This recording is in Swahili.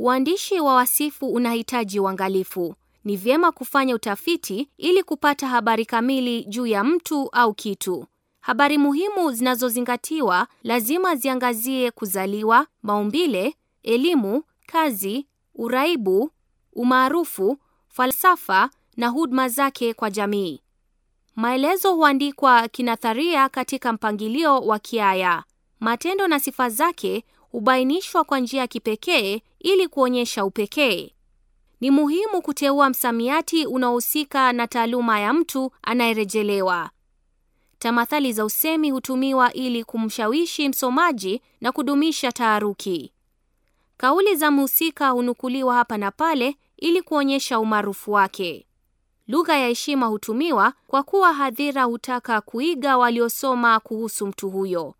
Uandishi wa wasifu unahitaji uangalifu. Ni vyema kufanya utafiti ili kupata habari kamili juu ya mtu au kitu. Habari muhimu zinazozingatiwa lazima ziangazie kuzaliwa, maumbile, elimu, kazi, uraibu, umaarufu, falsafa na huduma zake kwa jamii. Maelezo huandikwa kinatharia katika mpangilio wa kiaya. Matendo na sifa zake hubainishwa kwa njia ya kipekee ili kuonyesha upekee. Ni muhimu kuteua msamiati unaohusika na taaluma ya mtu anayerejelewa. Tamathali za usemi hutumiwa ili kumshawishi msomaji na kudumisha taharuki. Kauli za mhusika hunukuliwa hapa na pale ili kuonyesha umaarufu wake. Lugha ya heshima hutumiwa kwa kuwa hadhira hutaka kuiga waliosoma kuhusu mtu huyo.